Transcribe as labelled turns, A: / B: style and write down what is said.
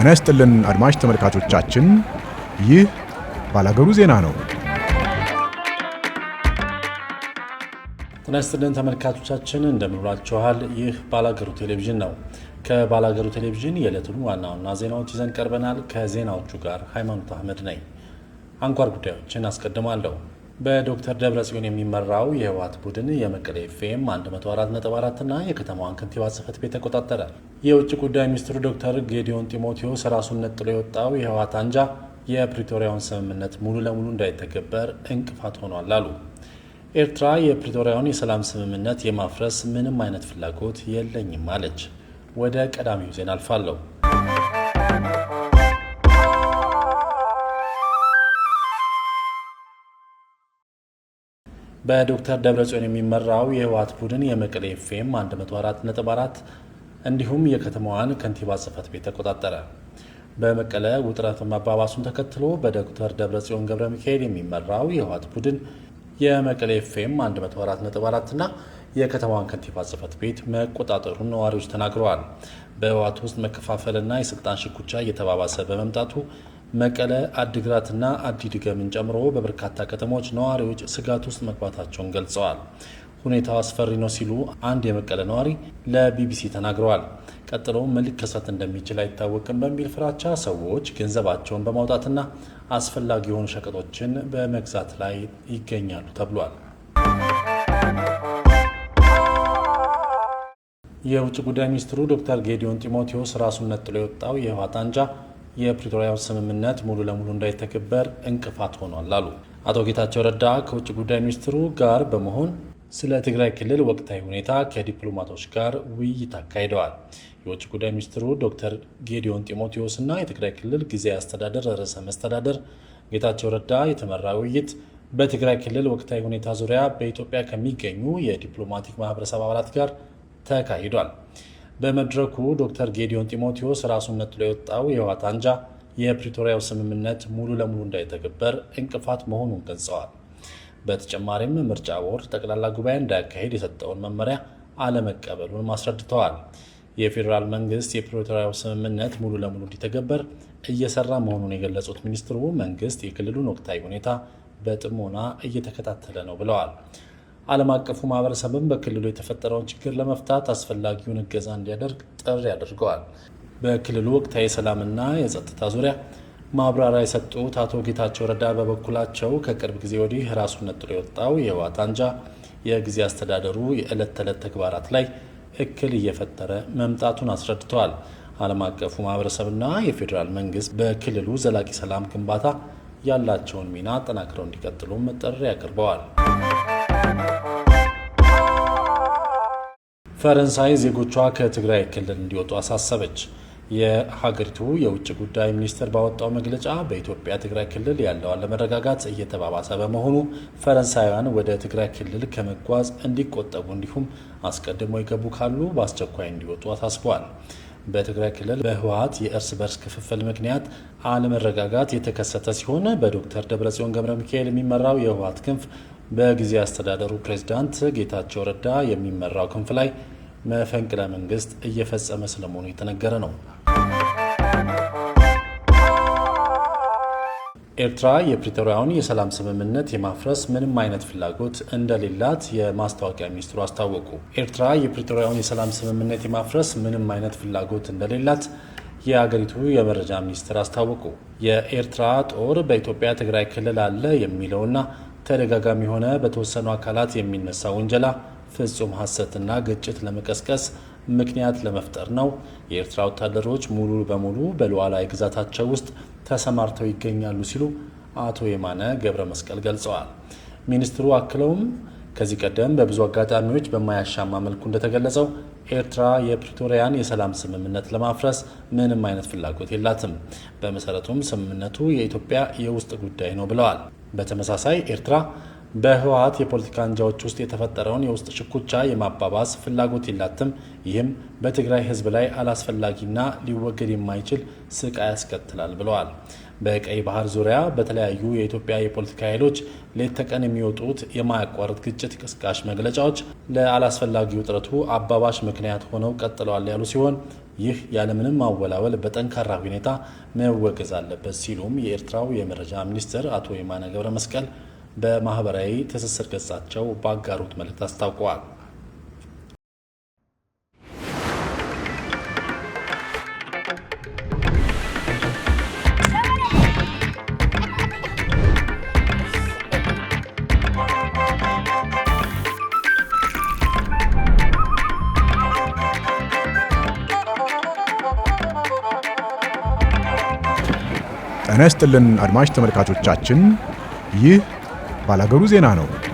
A: ጤና ይስጥልን አድማጭ ተመልካቾቻችን፣ ይህ ባላገሩ ዜና ነው። ጤና ይስጥልን ተመልካቾቻችን፣ እንደምንውላችኋል። ይህ ባላገሩ ቴሌቪዥን ነው። ከባላገሩ ቴሌቪዥን የዕለቱን ዋና ዋና ዜናዎች ይዘን ቀርበናል። ከዜናዎቹ ጋር ሃይማኖት አህመድ ነኝ። አንኳር ጉዳዮችን አስቀድማለሁ። በዶክተር ደብረ ጽዮን የሚመራው የህወሓት ቡድን የመቀሌ ኤፍኤም 104.4 እና የከተማዋን ከንቲባ ጽፈት ቤት ተቆጣጠረ። የውጭ ጉዳይ ሚኒስትሩ ዶክተር ጌዲዮን ጢሞቴዎስ ራሱን ነጥሎ የወጣው የህወሓት አንጃ የፕሪቶሪያውን ስምምነት ሙሉ ለሙሉ እንዳይተገበር እንቅፋት ሆኗል አሉ። ኤርትራ የፕሪቶሪያውን የሰላም ስምምነት የማፍረስ ምንም አይነት ፍላጎት የለኝም አለች። ወደ ቀዳሚው ዜና አልፋለሁ። በዶክተር ደብረጽዮን የሚመራው የህወሓት ቡድን የመቀሌ ኤፍኤም 104.4 እንዲሁም የከተማዋን ከንቲባ ጽህፈት ቤት ተቆጣጠረ። በመቀለ ውጥረት መባባሱን ተከትሎ በዶክተር ደብረጽዮን ገብረ ሚካኤል የሚመራው የህወሓት ቡድን የመቀሌ ኤፍኤም አመቶ4 እና የከተማዋን ከንቲባ ጽህፈት ቤት መቆጣጠሩን ነዋሪዎች ተናግረዋል። በህወሓት ውስጥ መከፋፈልና የስልጣን ሽኩቻ እየተባባሰ በመምጣቱ መቀለ፣ አድግራትና አዲድገምን ጨምሮ በበርካታ ከተሞች ነዋሪዎች ስጋት ውስጥ መግባታቸውን ገልጸዋል። ሁኔታው አስፈሪ ነው ሲሉ አንድ የመቀለ ነዋሪ ለቢቢሲ ተናግረዋል። ቀጥሎ ምን ሊከሰት እንደሚችል አይታወቅም በሚል ፍራቻ ሰዎች ገንዘባቸውን በማውጣትና አስፈላጊ የሆኑ ሸቀጦችን በመግዛት ላይ ይገኛሉ ተብሏል። የውጭ ጉዳይ ሚኒስትሩ ዶክተር ጌዲዮን ጢሞቴዎስ ራሱን ነጥሎ የወጣው የህወሓት አንጃ የፕሪቶሪያውን ስምምነት ሙሉ ለሙሉ እንዳይተገበር እንቅፋት ሆኗል አሉ አቶ ጌታቸው ረዳ ከውጭ ጉዳይ ሚኒስትሩ ጋር በመሆን ስለ ትግራይ ክልል ወቅታዊ ሁኔታ ከዲፕሎማቶች ጋር ውይይት አካሂደዋል። የውጭ ጉዳይ ሚኒስትሩ ዶክተር ጌዲዮን ጢሞቴዎስ እና የትግራይ ክልል ጊዜያዊ አስተዳደር ርዕሰ መስተዳደር ጌታቸው ረዳ የተመራ ውይይት በትግራይ ክልል ወቅታዊ ሁኔታ ዙሪያ በኢትዮጵያ ከሚገኙ የዲፕሎማቲክ ማህበረሰብ አባላት ጋር ተካሂዷል። በመድረኩ ዶክተር ጌዲዮን ጢሞቴዎስ ራሱን ነጥሎ የወጣው የህወሓት አንጃ የፕሪቶሪያው ስምምነት ሙሉ ለሙሉ እንዳይተገበር እንቅፋት መሆኑን ገልጸዋል። በተጨማሪም ምርጫ ቦርድ ጠቅላላ ጉባኤ እንዳያካሄድ የሰጠውን መመሪያ አለመቀበሉን አስረድተዋል። የፌዴራል መንግስት የፕሪቶሪያው ስምምነት ሙሉ ለሙሉ እንዲተገበር እየሰራ መሆኑን የገለጹት ሚኒስትሩ መንግስት የክልሉን ወቅታዊ ሁኔታ በጥሞና እየተከታተለ ነው ብለዋል። ዓለም አቀፉ ማህበረሰብም በክልሉ የተፈጠረውን ችግር ለመፍታት አስፈላጊውን እገዛ እንዲያደርግ ጥሪ አድርገዋል። በክልሉ ወቅታዊ የሰላምና የጸጥታ ዙሪያ ማብራሪያ የሰጡት አቶ ጌታቸው ረዳ በበኩላቸው ከቅርብ ጊዜ ወዲህ ራሱን ነጥሎ የወጣው የህወሓት አንጃ የጊዜ አስተዳደሩ የዕለት ተዕለት ተግባራት ላይ እክል እየፈጠረ መምጣቱን አስረድተዋል። ዓለም አቀፉ ማህበረሰብና የፌዴራል መንግስት በክልሉ ዘላቂ ሰላም ግንባታ ያላቸውን ሚና አጠናክረው እንዲቀጥሉም ጥሪ አቅርበዋል። ፈረንሳይ ዜጎቿ ከትግራይ ክልል እንዲወጡ አሳሰበች። የሀገሪቱ የውጭ ጉዳይ ሚኒስትር ባወጣው መግለጫ በኢትዮጵያ ትግራይ ክልል ያለው አለመረጋጋት እየተባባሰ በመሆኑ ፈረንሳውያን ወደ ትግራይ ክልል ከመጓዝ እንዲቆጠቡ እንዲሁም አስቀድሞ የገቡ ካሉ በአስቸኳይ እንዲወጡ አሳስበዋል። በትግራይ ክልል በህወሀት የእርስ በርስ ክፍፍል ምክንያት አለመረጋጋት የተከሰተ ሲሆን በዶክተር ደብረጽዮን ገብረ ሚካኤል የሚመራው የህወሀት ክንፍ በጊዜ አስተዳደሩ ፕሬዝዳንት ጌታቸው ረዳ የሚመራው ክንፍ ላይ መፈንቅለ መንግስት እየፈጸመ ስለመሆኑ የተነገረ ነው። ኤርትራ የፕሪቶሪያውን የሰላም ስምምነት የማፍረስ ምንም አይነት ፍላጎት እንደሌላት የማስታወቂያ ሚኒስትሩ አስታወቁ። ኤርትራ የፕሪቶሪያውን የሰላም ስምምነት የማፍረስ ምንም አይነት ፍላጎት እንደሌላት የአገሪቱ የመረጃ ሚኒስትር አስታወቁ። የኤርትራ ጦር በኢትዮጵያ ትግራይ ክልል አለ የሚለውና ተደጋጋሚ የሆነ በተወሰኑ አካላት የሚነሳ ውንጀላ ፍጹም ሐሰትና ግጭት ለመቀስቀስ ምክንያት ለመፍጠር ነው። የኤርትራ ወታደሮች ሙሉ በሙሉ በሉዓላዊ ግዛታቸው ውስጥ ተሰማርተው ይገኛሉ ሲሉ አቶ የማነ ገብረ መስቀል ገልጸዋል። ሚኒስትሩ አክለውም ከዚህ ቀደም በብዙ አጋጣሚዎች በማያሻማ መልኩ እንደተገለጸው ኤርትራ የፕሪቶሪያን የሰላም ስምምነት ለማፍረስ ምንም አይነት ፍላጎት የላትም። በመሰረቱም ስምምነቱ የኢትዮጵያ የውስጥ ጉዳይ ነው ብለዋል። በተመሳሳይ ኤርትራ በህወሀት የፖለቲካ አንጃዎች ውስጥ የተፈጠረውን የውስጥ ሽኩቻ የማባባስ ፍላጎት የላትም። ይህም በትግራይ ህዝብ ላይ አላስፈላጊና ሊወገድ የማይችል ስቃይ ያስከትላል ብለዋል። በቀይ ባህር ዙሪያ በተለያዩ የኢትዮጵያ የፖለቲካ ኃይሎች ሌት ተቀን የሚወጡት የማያቋርጥ ግጭት ቅስቃሽ መግለጫዎች ለአላስፈላጊ ውጥረቱ አባባሽ ምክንያት ሆነው ቀጥለዋል ያሉ ሲሆን ይህ ያለምንም ማወላወል በጠንካራ ሁኔታ መወገዝ አለበት ሲሉም የኤርትራው የመረጃ ሚኒስትር አቶ የማነ ገብረ መስቀል በማህበራዊ ትስስር ገጻቸው ባጋሩት መልእክት አስታውቀዋል። ጤና ይስጥልን አድማጭ ተመልካቾቻችን ይህ ባላገሩ ዜና ነው።